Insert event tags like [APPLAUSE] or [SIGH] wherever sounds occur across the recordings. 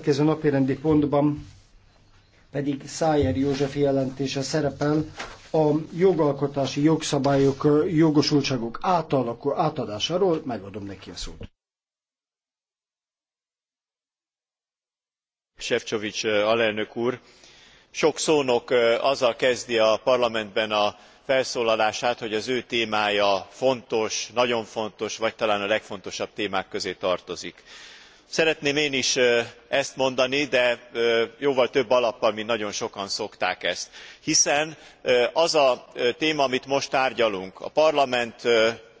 következő napirendi pontban pedig Szájer József jelentése szerepel a jogalkotási jogszabályok, jogosultságok átalakul, átadásáról. Megadom neki a szót. Sefcsovics alelnök úr, sok szónok azzal kezdi a parlamentben a felszólalását, hogy az ő témája fontos, nagyon fontos, vagy talán a legfontosabb témák közé tartozik szeretném én is ezt mondani de jóval több alappal mint nagyon sokan szokták ezt hiszen az a téma amit most tárgyalunk a parlament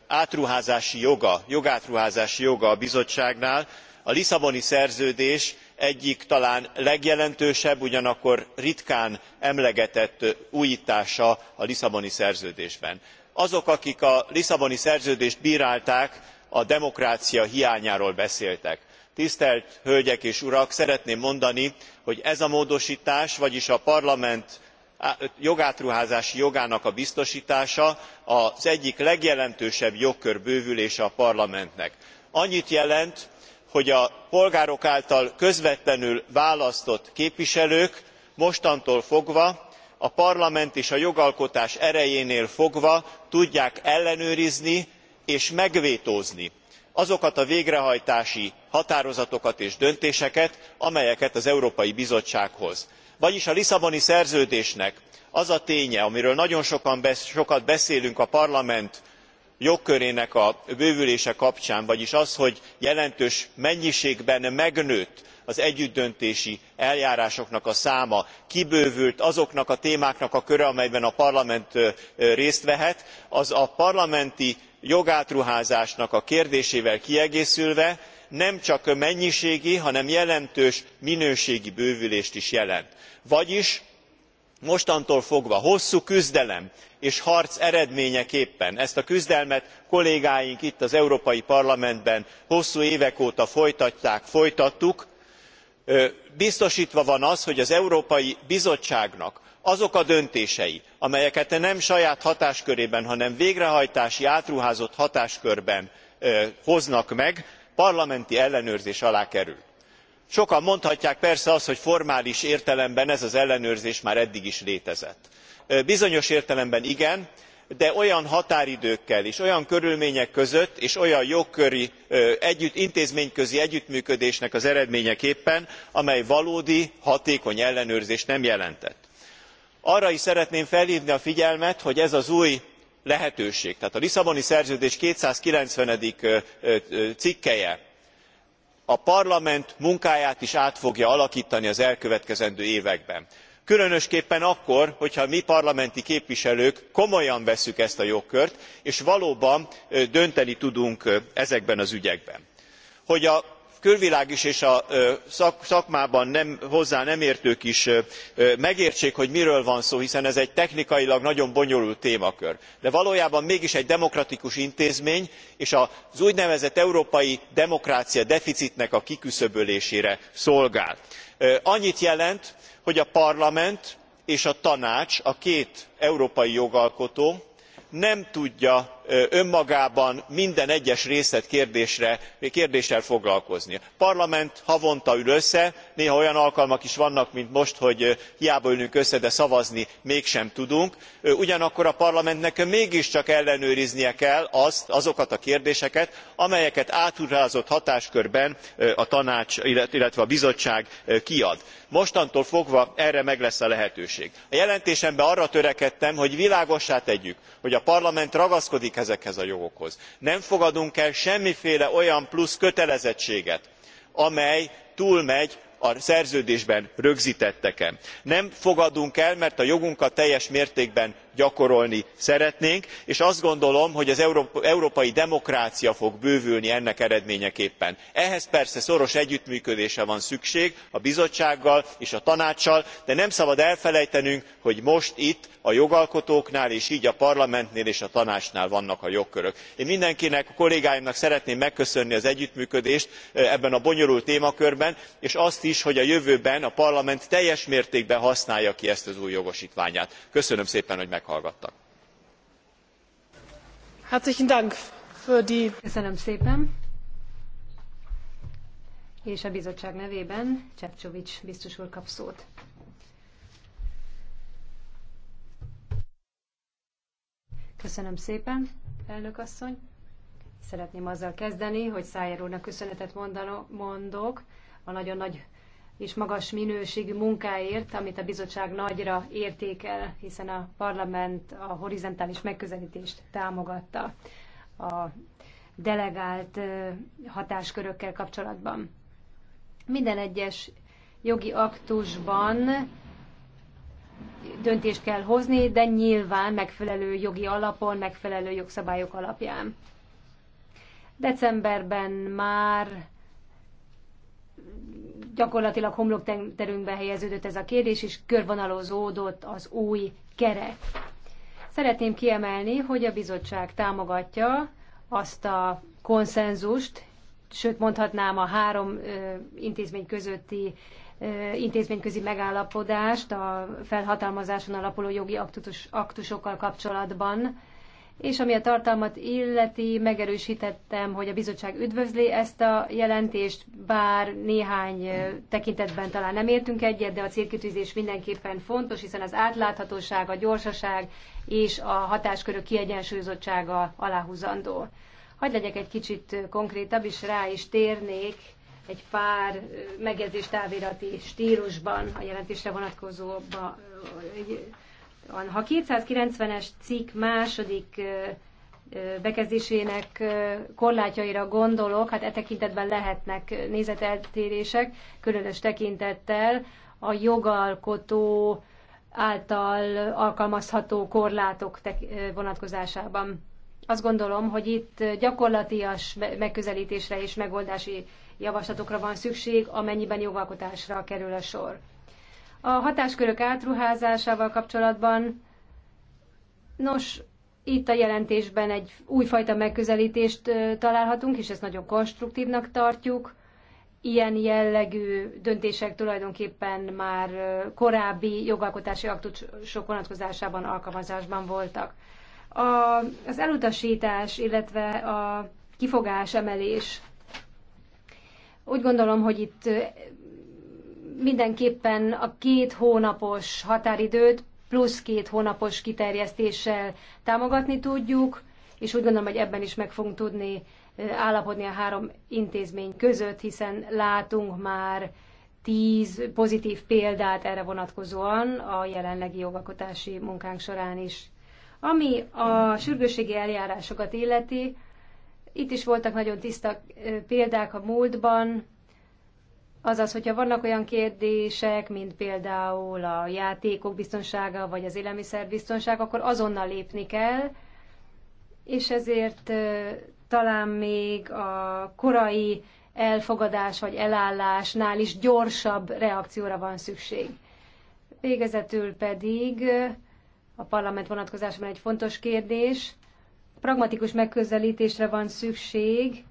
átruházási joga jogátruházási joga a bizottságnál a lisszaboni szerződés egyik talán legjelentősebb ugyanakkor ritkán emlegetett újtása a lisszaboni szerződésben. azok akik a lisszaboni szerződést brálták a demokrácia hiányáról beszéltek tisztelt hölgyek és urak szeretném mondani hogy ez a módostás vagyis a parlament jogátruházási jogának a biztostása az egyik legjelentősebb jogkör bővülése a parlamentnek. annyit jelent hogy a polgárok által közvetlenül választott képviselők mostantól fogva a parlament és a jogalkotás erejénél fogva tudják ellenőrizni és megvétózni azokat a végrehajtási határozatokat és döntéseket amelyeket az európai bizottság hoz. vagyis a lisszaboni szerződésnek az a ténye amiről nagyon sokat beszélünk a parlament jogkörének a bővülése kapcsán vagyis az hogy jelentős mennyiségben megnőtt az együttdöntési eljárásoknak a száma kibővült azoknak a témáknak a köre amelyben a parlament részt vehet az a parlamenti jogátruházásnak a kérdésével kiegészülve nemcsak mennyiségi hanem jelentős minőségi bővülést is jelent vagyis mostantól fogva hosszú küzdelem és harc eredményeképpen ezt a küzdelmet kollégáink itt az európai parlamentben hosszú évek óta folytatják, folytattuk biztostva van az hogy az európai bizottságnak azok a döntései amelyeket nem saját hatáskörében hanem végrehajtási átruházott hatáskörben hoznak meg parlamenti ellenőrzés alá kerül. sokan mondhatják persze azt hogy formális értelemben ez az ellenőrzés már eddig is létezett. bizonyos értelemben igen de olyan határidőkkel és olyan körülmények között és olyan jogköri intézményközi együttműködésnek az eredményeképpen amely valódi hatékony ellenőrzést nem jelentett arra is szeretném felhvni a figyelmet hogy ez az új lehetőség tehát a lisszaboni szerződés two hundred and ninety cikkelye a parlament munkáját is át fogja alaktani az elkövetkezendő években különösképpen akkor hogyha mi parlamenti képviselők komolyan vesszük ezt a jogkört és valóban dönteni tudunk ezekben az ügyekben. hogy a külvilág is és a szakmában hozzá nem értők is megértsék hogy miről van szó hiszen ez egy technikailag nagyon bonyolult témakör de valójában mégis egy demokratikus intézmény és az úgynevezett európai demokrácia deficitnek a kiküszöbölésére szolgál. annyit jelent hogy a parlament és a tanács a két európai jogalkotó nem tudja önmagában minden egyes részletkérdéssel foglalkozni. a parlament havonta ül össze néha olyan alkalmak is vannak mint most hogy hiába ülünk össze de szavazni mégsem tudunk ugyanakkor a parlamentnek mégiscsak ellenőriznie kell azokat a kérdéseket amelyeket átruházott hatáskörben a tanács illetve a bizottság kiad. mostantól fogva erre meg lesz a lehetőség. a jelentésemben arra törekedtem hogy világossá tegyük hogy a parlament ragaszkodik ezekhez a jogokhoz. nem fogadunk el semmiféle olyan plusz kötelezettséget amely túlmegy a szerződésben e. nem fogadunk el mert a jogunkat teljes mértékben gyakorolni szeretnénk és azt gondolom hogy az európai demokrácia fog bővülni ennek eredményeképpen. ehhez persze szoros együttműködésre van szükség a bizottsággal és a tanáccsal de nem szabad elfelejtenünk hogy most itt a jogalkotóknál és gy a parlamentnél és a tanácsnál vannak a jogkörök. én mindenkinek a kollégáimnak szeretném megköszönni az együttműködést ebben a bonyolult témakörben és azt is hogy a jövőben a parlament teljes mértékben használja ki ezt az új jogostványát. köszönöm szépen hogy meghallgattak meghallgattak. Köszönöm szépen. És a bizottság nevében Csepcsovics biztos úr kap szót. Köszönöm szépen, elnök asszony. Szeretném azzal kezdeni, hogy Szájer úrnak köszönetet mondano, mondok a nagyon nagy és magas minőségű munkáért, amit a bizottság nagyra értékel, hiszen a parlament a horizontális megközelítést támogatta a delegált hatáskörökkel kapcsolatban. Minden egyes jogi aktusban döntést kell hozni, de nyilván megfelelő jogi alapon, megfelelő jogszabályok alapján. Decemberben már gyakorlatilag homlokterünkbe helyeződött ez a kérdés, és körvonalozódott az új keret. Szeretném kiemelni, hogy a bizottság támogatja azt a konszenzust, sőt mondhatnám a három intézmény közötti intézményközi megállapodást a felhatalmazáson alapuló jogi aktus, aktusokkal kapcsolatban, és ami a tartalmat illeti, megerősítettem, hogy a bizottság üdvözli ezt a jelentést, bár néhány tekintetben talán nem értünk egyet, de a célkitűzés mindenképpen fontos, hiszen az átláthatóság, a gyorsaság és a hatáskörök kiegyensúlyozottsága aláhúzandó. Hagy legyek egy kicsit konkrétabb, és rá is térnék egy pár megjegyzés távirati stílusban a jelentésre vonatkozó ha 290-es cikk második bekezdésének korlátjaira gondolok, hát e tekintetben lehetnek nézeteltérések, különös tekintettel a jogalkotó által alkalmazható korlátok vonatkozásában. Azt gondolom, hogy itt gyakorlatias megközelítésre és megoldási javaslatokra van szükség, amennyiben jogalkotásra kerül a sor. A hatáskörök átruházásával kapcsolatban, nos, itt a jelentésben egy újfajta megközelítést találhatunk, és ezt nagyon konstruktívnak tartjuk. Ilyen jellegű döntések tulajdonképpen már korábbi jogalkotási aktusok vonatkozásában alkalmazásban voltak. A, az elutasítás, illetve a kifogás emelés. Úgy gondolom, hogy itt mindenképpen a két hónapos határidőt plusz két hónapos kiterjesztéssel támogatni tudjuk, és úgy gondolom, hogy ebben is meg fogunk tudni állapodni a három intézmény között, hiszen látunk már tíz pozitív példát erre vonatkozóan a jelenlegi jogalkotási munkánk során is. Ami a sürgőségi eljárásokat illeti, itt is voltak nagyon tiszta példák a múltban, Azaz, hogyha vannak olyan kérdések, mint például a játékok biztonsága, vagy az élelmiszer biztonság, akkor azonnal lépni kell, és ezért talán még a korai elfogadás vagy elállásnál is gyorsabb reakcióra van szükség. Végezetül pedig a parlament vonatkozásában egy fontos kérdés. Pragmatikus megközelítésre van szükség,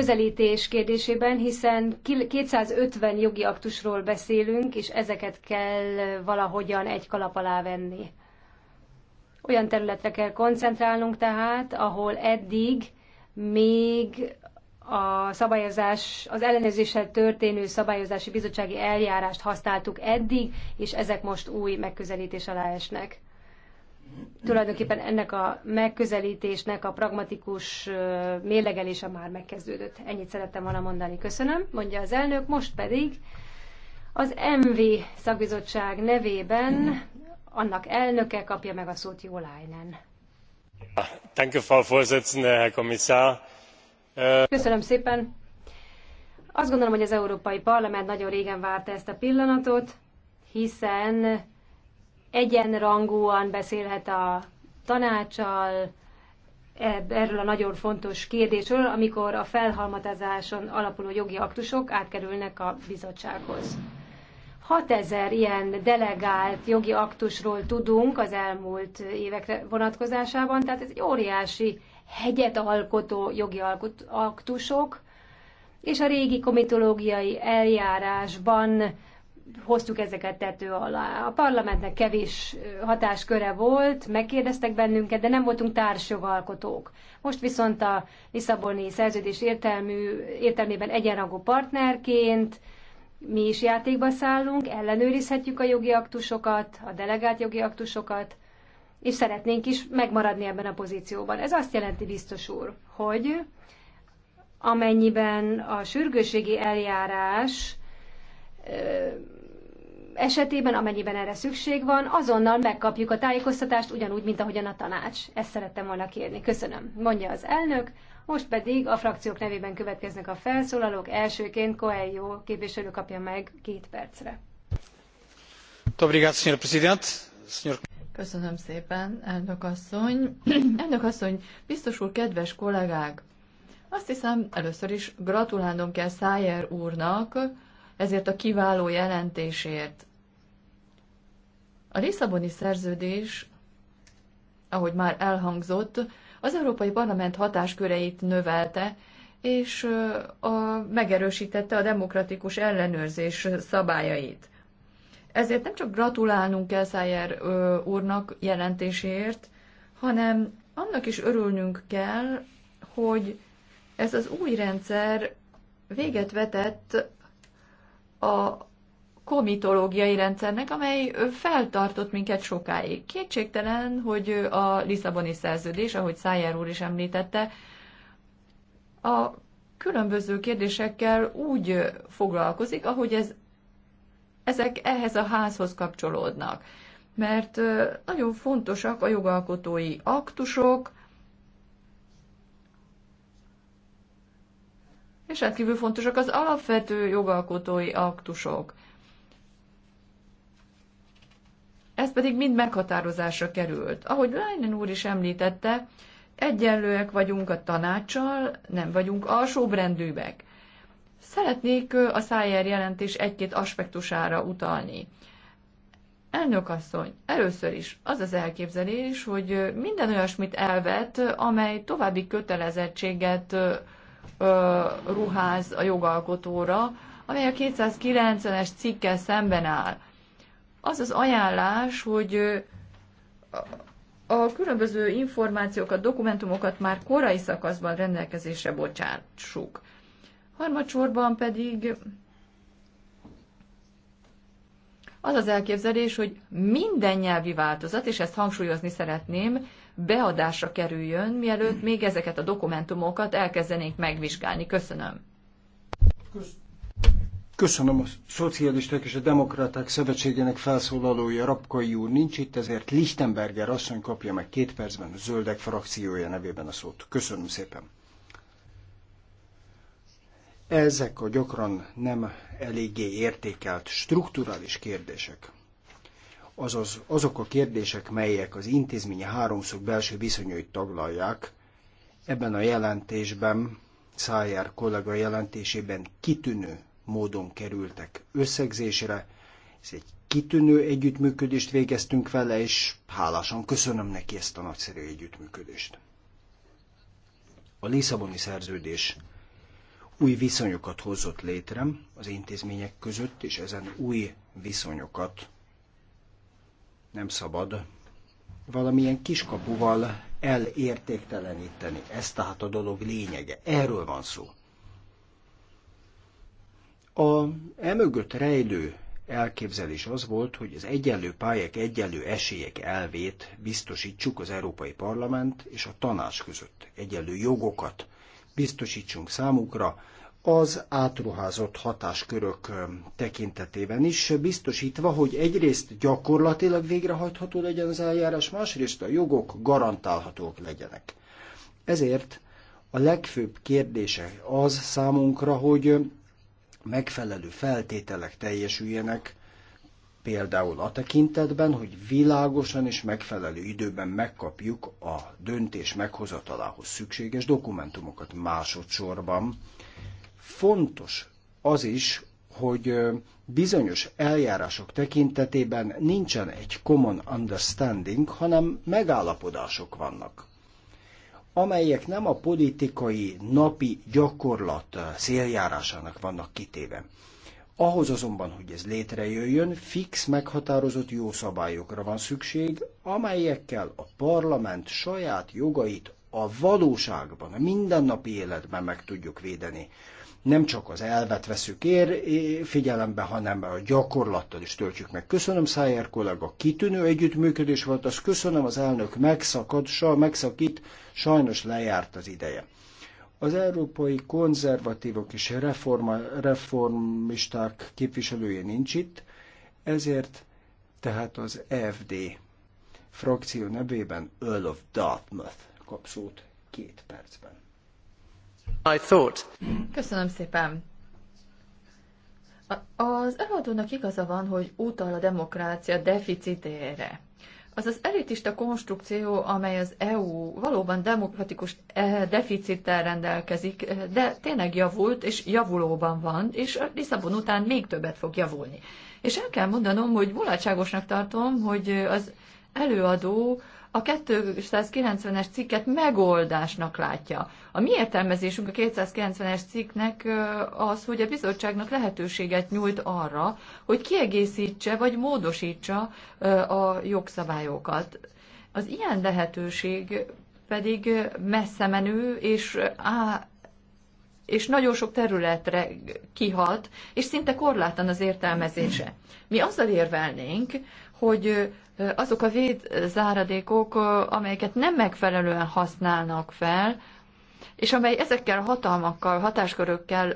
közelítés kérdésében, hiszen 250 jogi aktusról beszélünk, és ezeket kell valahogyan egy kalap alá venni. Olyan területre kell koncentrálnunk tehát, ahol eddig még a szabályozás, az ellenőrzéssel történő szabályozási bizottsági eljárást használtuk eddig, és ezek most új megközelítés alá esnek tulajdonképpen ennek a megközelítésnek a pragmatikus mérlegelése már megkezdődött. Ennyit szerettem volna mondani. Köszönöm, mondja az elnök. Most pedig az MV szakbizottság nevében annak elnöke kapja meg a szót Jó Lájnen. Köszönöm szépen. Azt gondolom, hogy az Európai Parlament nagyon régen várta ezt a pillanatot, hiszen egyenrangúan beszélhet a tanácsal erről a nagyon fontos kérdésről, amikor a felhalmatázáson alapuló jogi aktusok átkerülnek a bizottsághoz. 6000 ilyen delegált jogi aktusról tudunk az elmúlt évekre vonatkozásában, tehát ez egy óriási hegyet alkotó jogi aktusok, és a régi komitológiai eljárásban hoztuk ezeket tető alá. A parlamentnek kevés hatásköre volt, megkérdeztek bennünket, de nem voltunk társjogalkotók. Most viszont a Lisszaboni szerződés értelmű, értelmében egyenrangú partnerként mi is játékba szállunk, ellenőrizhetjük a jogi aktusokat, a delegált jogi aktusokat, és szeretnénk is megmaradni ebben a pozícióban. Ez azt jelenti, biztos úr, hogy amennyiben a sürgőségi eljárás esetében, amennyiben erre szükség van, azonnal megkapjuk a tájékoztatást, ugyanúgy, mint ahogyan a tanács. Ezt szerettem volna kérni. Köszönöm, mondja az elnök. Most pedig a frakciók nevében következnek a felszólalók. Elsőként Coelho képviselő kapja meg két percre. Köszönöm szépen, elnök asszony. [CLEARS THROAT] elnök asszony, biztos úr, kedves kollégák! Azt hiszem, először is gratulálnom kell Szájer úrnak, ezért a kiváló jelentésért. A Lisszaboni szerződés, ahogy már elhangzott, az Európai Parlament hatásköreit növelte, és a, megerősítette a demokratikus ellenőrzés szabályait. Ezért nem csak gratulálnunk kell Szájer úrnak jelentéséért, hanem annak is örülnünk kell, hogy ez az új rendszer véget vetett a komitológiai rendszernek, amely feltartott minket sokáig. Kétségtelen, hogy a Lisszaboni szerződés, ahogy Szájár úr is említette, a különböző kérdésekkel úgy foglalkozik, ahogy ez, ezek ehhez a házhoz kapcsolódnak. Mert nagyon fontosak a jogalkotói aktusok, és rendkívül fontosak az alapvető jogalkotói aktusok. Ez pedig mind meghatározásra került. Ahogy Leinen úr is említette, egyenlőek vagyunk a tanácssal, nem vagyunk alsóbrendűbek. Szeretnék a Szájer jelentés egy-két aspektusára utalni. Elnök asszony, először is az az elképzelés, hogy minden olyasmit elvet, amely további kötelezettséget ruház a jogalkotóra, amely a 290-es cikkel szemben áll. Az az ajánlás, hogy a különböző információkat, dokumentumokat már korai szakaszban rendelkezésre bocsátsuk. Harmadsorban pedig az az elképzelés, hogy minden nyelvi változat, és ezt hangsúlyozni szeretném, beadásra kerüljön, mielőtt még ezeket a dokumentumokat elkezdenénk megvizsgálni. Köszönöm. Köszönöm a Szocialisták és a Demokraták Szövetségének felszólalója Rapkai úr nincs itt, ezért Lichtenberger asszony kapja meg két percben a Zöldek frakciója nevében a szót. Köszönöm szépen. Ezek a gyakran nem eléggé értékelt strukturális kérdések azaz azok a kérdések, melyek az intézménye háromszög belső viszonyait taglalják, ebben a jelentésben, Szájer kollega jelentésében kitűnő módon kerültek összegzésre, ez egy kitűnő együttműködést végeztünk vele, és hálásan köszönöm neki ezt a nagyszerű együttműködést. A Lisszaboni szerződés új viszonyokat hozott létre az intézmények között, és ezen új viszonyokat nem szabad valamilyen kiskapuval elértékteleníteni. Ez tehát a dolog lényege. Erről van szó. A emögött rejlő elképzelés az volt, hogy az egyenlő pályák, egyenlő esélyek elvét biztosítsuk az Európai Parlament és a tanács között. Egyenlő jogokat biztosítsunk számukra, az átruházott hatáskörök um, tekintetében is, biztosítva, hogy egyrészt gyakorlatilag végrehajtható legyen az eljárás, másrészt a jogok garantálhatók legyenek. Ezért a legfőbb kérdése az számunkra, hogy megfelelő feltételek teljesüljenek, például a tekintetben, hogy világosan és megfelelő időben megkapjuk a döntés meghozatalához szükséges dokumentumokat másodszorban Fontos az is, hogy bizonyos eljárások tekintetében nincsen egy common understanding, hanem megállapodások vannak, amelyek nem a politikai napi gyakorlat széljárásának vannak kitéve. Ahhoz azonban, hogy ez létrejöjjön, fix meghatározott jó szabályokra van szükség, amelyekkel a parlament saját jogait a valóságban, a mindennapi életben meg tudjuk védeni nem csak az elvet veszük ér, figyelembe, hanem a gyakorlattal is töltjük meg. Köszönöm Szájer kollega, kitűnő együttműködés volt, azt köszönöm az elnök megszakad, sa, megszakít, sajnos lejárt az ideje. Az európai konzervatívok és reforma, reformisták képviselője nincs itt, ezért tehát az FD frakció nevében Earl of Dartmouth kap szót két percben. Köszönöm szépen. Az előadónak igaza van, hogy utal a demokrácia deficitére. Az az elitista konstrukció, amely az EU valóban demokratikus eh, deficittel rendelkezik, de tényleg javult, és javulóban van, és a Lisszabon után még többet fog javulni. És el kell mondanom, hogy mulatságosnak tartom, hogy az előadó a 290-es cikket megoldásnak látja. A mi értelmezésünk a 290-es cikknek az, hogy a bizottságnak lehetőséget nyújt arra, hogy kiegészítse vagy módosítsa a jogszabályokat. Az ilyen lehetőség pedig messze menő és á, és nagyon sok területre kihat, és szinte korlátlan az értelmezése. Mi azzal érvelnénk, hogy azok a védzáradékok, amelyeket nem megfelelően használnak fel, és amely ezekkel a hatalmakkal, hatáskörökkel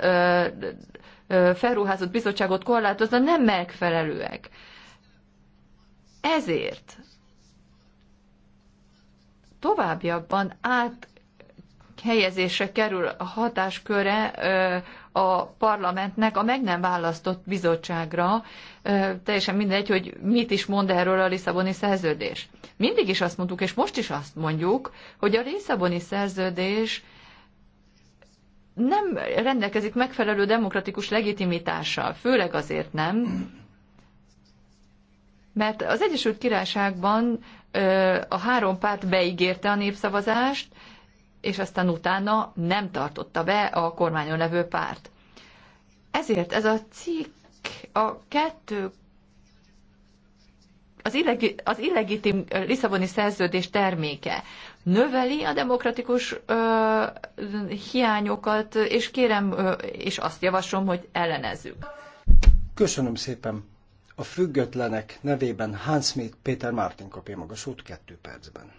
felruházott bizottságot korlátozna, nem megfelelőek. Ezért továbbiabban áthelyezésre kerül a hatásköre a parlamentnek a meg nem választott bizottságra, teljesen mindegy, hogy mit is mond erről a Lisszaboni szerződés. Mindig is azt mondtuk, és most is azt mondjuk, hogy a Lisszaboni szerződés nem rendelkezik megfelelő demokratikus legitimitással, főleg azért nem, mert az Egyesült Királyságban a három párt beígérte a népszavazást, és aztán utána nem tartotta be a kormányon levő párt. Ezért ez a cikk a kettő az, illegi, az illegitim Lisszaboni szerződés terméke növeli a demokratikus ö, hiányokat, és kérem, ö, és azt javaslom, hogy ellenezzük. Köszönöm szépen. A függetlenek nevében Hans Péter Mártin kapja maga kettő percben.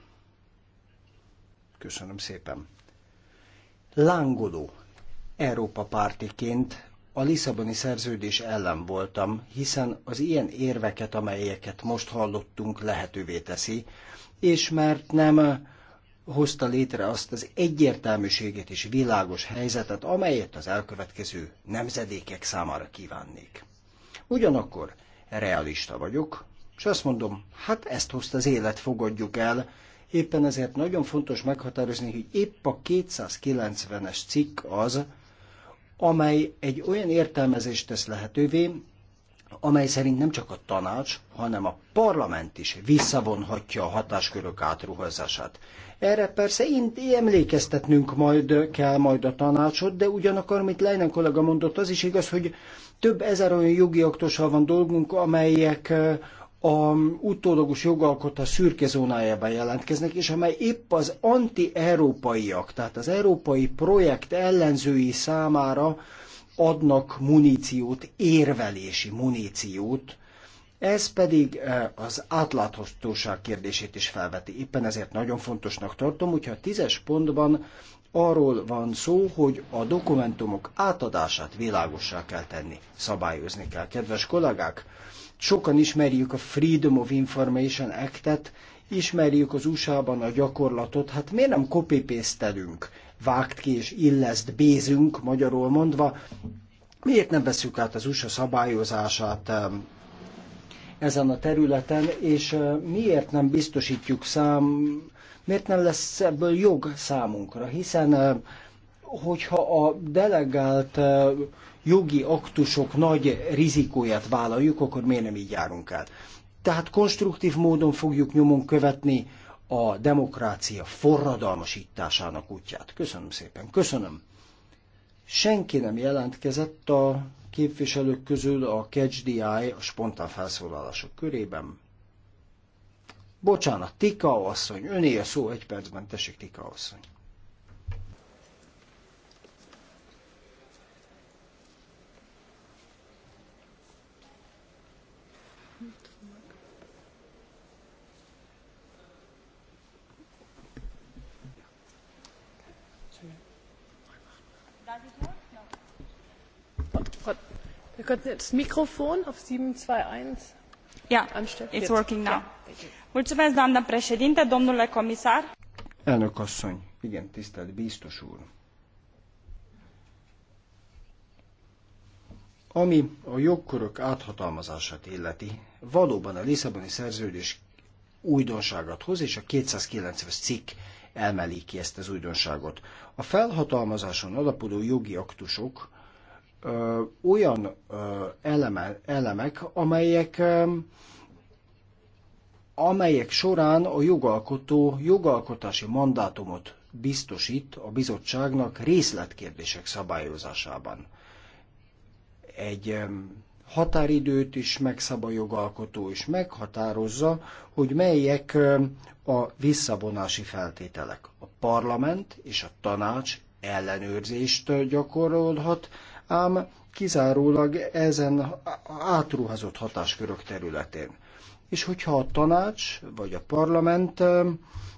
Köszönöm szépen. Lángoló Európa pártiként a Lisszaboni szerződés ellen voltam, hiszen az ilyen érveket, amelyeket most hallottunk, lehetővé teszi, és mert nem hozta létre azt az egyértelműséget és világos helyzetet, amelyet az elkövetkező nemzedékek számára kívánnék. Ugyanakkor realista vagyok, és azt mondom, hát ezt hozta az élet, fogadjuk el, Éppen ezért nagyon fontos meghatározni, hogy épp a 290-es cikk az, amely egy olyan értelmezést tesz lehetővé, amely szerint nem csak a tanács, hanem a parlament is visszavonhatja a hatáskörök átruházását. Erre persze én emlékeztetnünk majd kell majd a tanácsot, de ugyanakkor, amit Leinen kollega mondott, az is igaz, hogy több ezer olyan jogi aktussal van dolgunk, amelyek a utólagos jogalkotás szürke zónájában jelentkeznek, és amely épp az anti-európaiak, tehát az európai projekt ellenzői számára adnak muníciót, érvelési muníciót, ez pedig eh, az átláthatóság kérdését is felveti. Éppen ezért nagyon fontosnak tartom, hogyha a tízes pontban arról van szó, hogy a dokumentumok átadását világossá kell tenni, szabályozni kell. Kedves kollégák, Sokan ismerjük a Freedom of Information Act-et, ismerjük az USA-ban a gyakorlatot, hát miért nem copy vágt ki és illeszt, bézünk, magyarul mondva, miért nem veszük át az USA szabályozását ezen a területen, és miért nem biztosítjuk szám, miért nem lesz ebből jog számunkra, hiszen hogyha a delegált jogi aktusok nagy rizikóját vállaljuk, akkor miért nem így járunk el? Tehát konstruktív módon fogjuk nyomon követni a demokrácia forradalmasításának útját. Köszönöm szépen, köszönöm. Senki nem jelentkezett a képviselők közül a Catch the Eye, a spontán felszólalások körében. Bocsánat, Tika asszony, öné a szó egy percben, tessék Tika asszony. elnök asszony igen tisztelt biztos úr ami a jogkörök áthatalmazását illeti valóban a lisszaboni szerződés újdonságot hoz és a 290-es cikk emeli ki ezt az újdonságot. A felhatalmazáson alapuló jogi aktusok ö, olyan ö, eleme, elemek, amelyek ö, amelyek során a jogalkotó jogalkotási mandátumot biztosít a bizottságnak részletkérdések szabályozásában. Egy határidőt is megszab a jogalkotó, és meghatározza, hogy melyek a visszavonási feltételek. A parlament és a tanács ellenőrzést gyakorolhat, ám kizárólag ezen átruházott hatáskörök területén. És hogyha a tanács vagy a parlament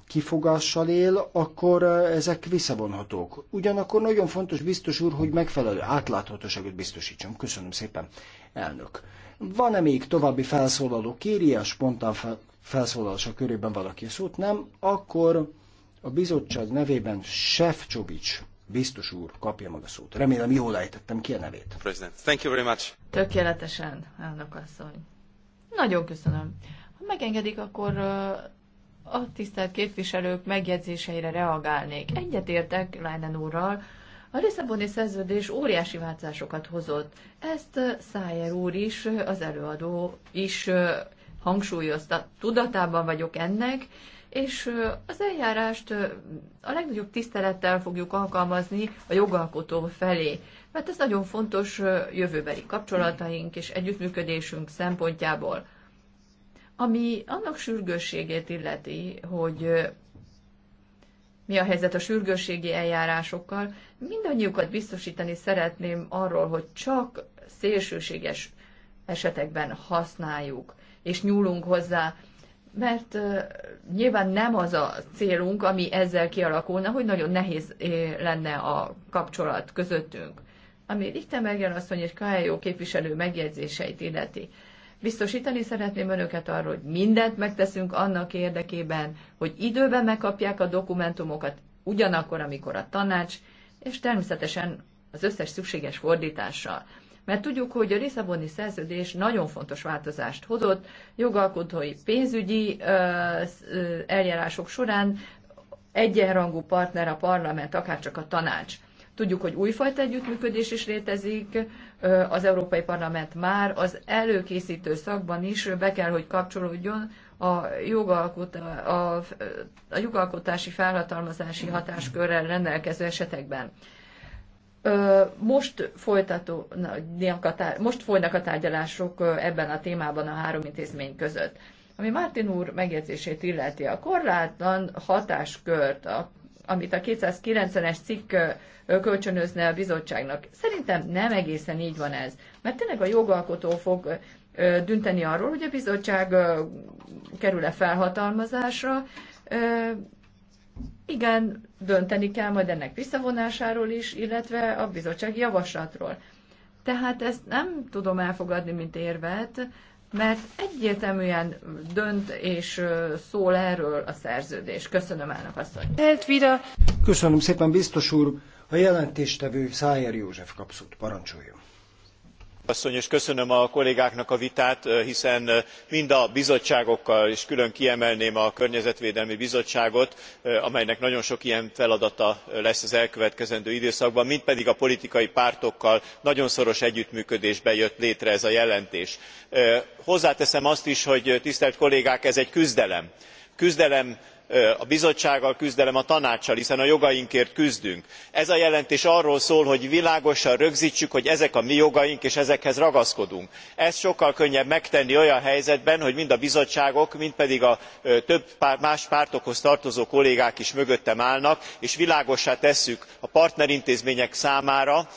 kifogással él, akkor ezek visszavonhatók. Ugyanakkor nagyon fontos, biztos úr, hogy megfelelő átláthatóságot biztosítson. Köszönöm szépen, elnök. Van-e még további felszólaló? Kéri a spontán felszólalása körében valaki szót? Nem? Akkor a bizottság nevében Sefcsovics Biztos úr, kapja meg a szót. Remélem, jól ejtettem ki a nevét. President, thank you very much. Tökéletesen, elnök asszony. Nagyon köszönöm. Ha megengedik, akkor a tisztelt képviselők megjegyzéseire reagálnék. Egyetértek Leinen úrral, a Lisszaboni szerződés óriási változásokat hozott. Ezt Szájer úr is, az előadó is hangsúlyozta. Tudatában vagyok ennek, és az eljárást a legnagyobb tisztelettel fogjuk alkalmazni a jogalkotó felé, mert ez nagyon fontos jövőbeli kapcsolataink és együttműködésünk szempontjából. Ami annak sürgősségét illeti, hogy mi a helyzet a sürgősségi eljárásokkal, mindannyiukat biztosítani szeretném arról, hogy csak szélsőséges esetekben használjuk és nyúlunk hozzá, mert nyilván nem az a célunk, ami ezzel kialakulna, hogy nagyon nehéz lenne a kapcsolat közöttünk. Ami Lichtenberger asszony és Kájó képviselő megjegyzéseit illeti. Biztosítani szeretném önöket arról, hogy mindent megteszünk annak érdekében, hogy időben megkapják a dokumentumokat, ugyanakkor, amikor a tanács, és természetesen az összes szükséges fordítással. Mert tudjuk, hogy a Lisszaboni szerződés nagyon fontos változást hozott, jogalkotói pénzügyi eljárások során egyenrangú partner a parlament, akár csak a tanács. Tudjuk, hogy újfajta együttműködés is létezik, az Európai Parlament már az előkészítő szakban is be kell, hogy kapcsolódjon a, jogalkota, a, a jogalkotási felhatalmazási hatáskörrel rendelkező esetekben most, folytatódnak a tár- most folynak a tárgyalások ebben a témában a három intézmény között. Ami Martin úr megjegyzését illeti, a korlátlan hatáskört, a, amit a 290-es cikk kölcsönözne a bizottságnak, szerintem nem egészen így van ez. Mert tényleg a jogalkotó fog dönteni arról, hogy a bizottság kerül-e felhatalmazásra, igen, dönteni kell majd ennek visszavonásáról is, illetve a bizottság javaslatról. Tehát ezt nem tudom elfogadni, mint érvet, mert egyértelműen dönt és szól erről a szerződés. Köszönöm, elnök asszony. Köszönöm szépen, biztos úr. A jelentéstevő Szájer József kapszót parancsoljon asszony és köszönöm a kollégáknak a vitát hiszen mind a bizottságokkal és külön kiemelném a környezetvédelmi bizottságot amelynek nagyon sok ilyen feladata lesz az elkövetkezendő időszakban mind pedig a politikai pártokkal nagyon szoros együttműködésben jött létre ez a jelentés. hozzáteszem azt is hogy tisztelt kollégák ez egy küzdelem küzdelem a bizottsággal küzdelem a tanáccsal hiszen a jogainkért küzdünk. ez a jelentés arról szól hogy világosan rögztsük hogy ezek a mi jogaink és ezekhez ragaszkodunk. ezt sokkal könnyebb megtenni olyan helyzetben hogy mind a bizottságok mind pedig a más pártokhoz tartozó kollégák is mögöttem állnak és világossá tesszük a partnerintézmények számára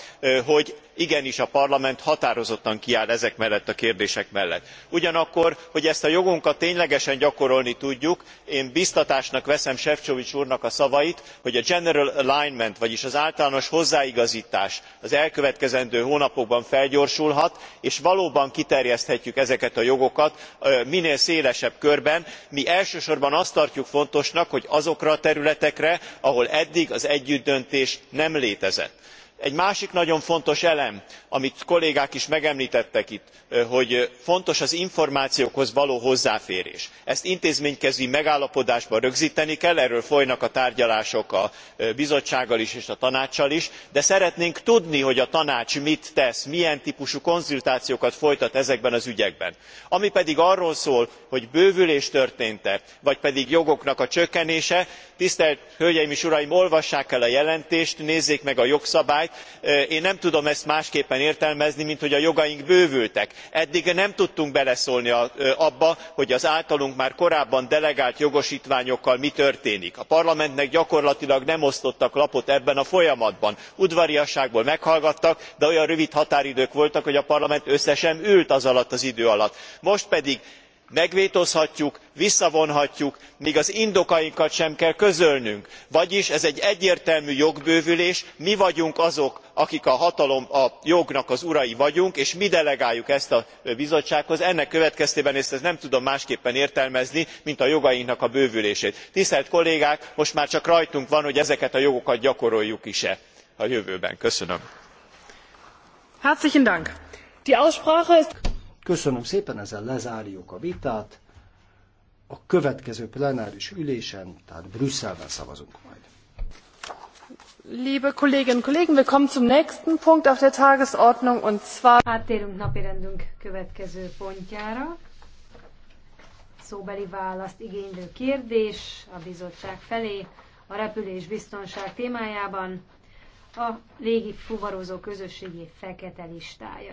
hogy igenis a parlament határozottan kiáll ezek mellett a kérdések mellett. ugyanakkor hogy ezt a jogunkat ténylegesen gyakorolni tudjuk én biztatásnak veszem sefcovic úrnak a szavait hogy a general alignment vagyis az általános hozzáigaztás az elkövetkezendő hónapokban felgyorsulhat és valóban kiterjeszthetjük ezeket a jogokat minél szélesebb körben. mi elsősorban azt tartjuk fontosnak hogy azokra a területekre ahol eddig az együttdöntés nem létezett egy másik nagyon fontos elem amit kollégák is megemltettek itt hogy fontos az információkhoz való hozzáférés. ezt intézményközi megállapodásban rögzteni kell erről folynak a tárgyalások a bizottsággal is és a tanáccsal is de szeretnénk tudni hogy a tanács mit tesz milyen tpusú konzultációkat folytat ezekben az ügyekben. ami pedig arról szól hogy bővülés történt e vagy pedig jogoknak a csökkenése tisztelt hölgyeim és uraim olvassák el a jelentést nézzék meg a jogszabályt jogszabályt én nem tudom ezt másképpen értelmezni mint hogy a jogaink bővültek. eddig nem tudtunk beleszólni abba hogy az általunk már korábban delegált jogostványokkal mi történik. a parlamentnek gyakorlatilag nem osztottak lapot ebben a folyamatban. udvariasságból meghallgattak de olyan rövid határidők voltak hogy a parlament össze sem ült azalatt az idő alatt. most pedig megvétózhatjuk visszavonhatjuk még az indokainkat sem kell közölnünk vagyis ez egy egyértelmű jogbővülés mi vagyunk azok akik a jognak az urai vagyunk és mi delegáljuk ezt a bizottsághoz ennek következtében ezt nem tudom másképpen értelmezni mint a jogainknak a bővülését. tisztelt kollégák most már csak rajtunk van hogy ezeket a jogokat gyakoroljuk is e a jövőben. köszönöm. Köszönöm szépen, ezzel lezárjuk a vitát. A következő plenáris ülésen, tehát Brüsszelben szavazunk majd. Liebe Kolleginnen und Kollegen, willkommen zum nächsten Punkt auf der Tagesordnung und zwar... napi napirendünk következő pontjára. Szóbeli választ igénylő kérdés a bizottság felé a repülés biztonság témájában a légi fuvarozó közösségi fekete listája.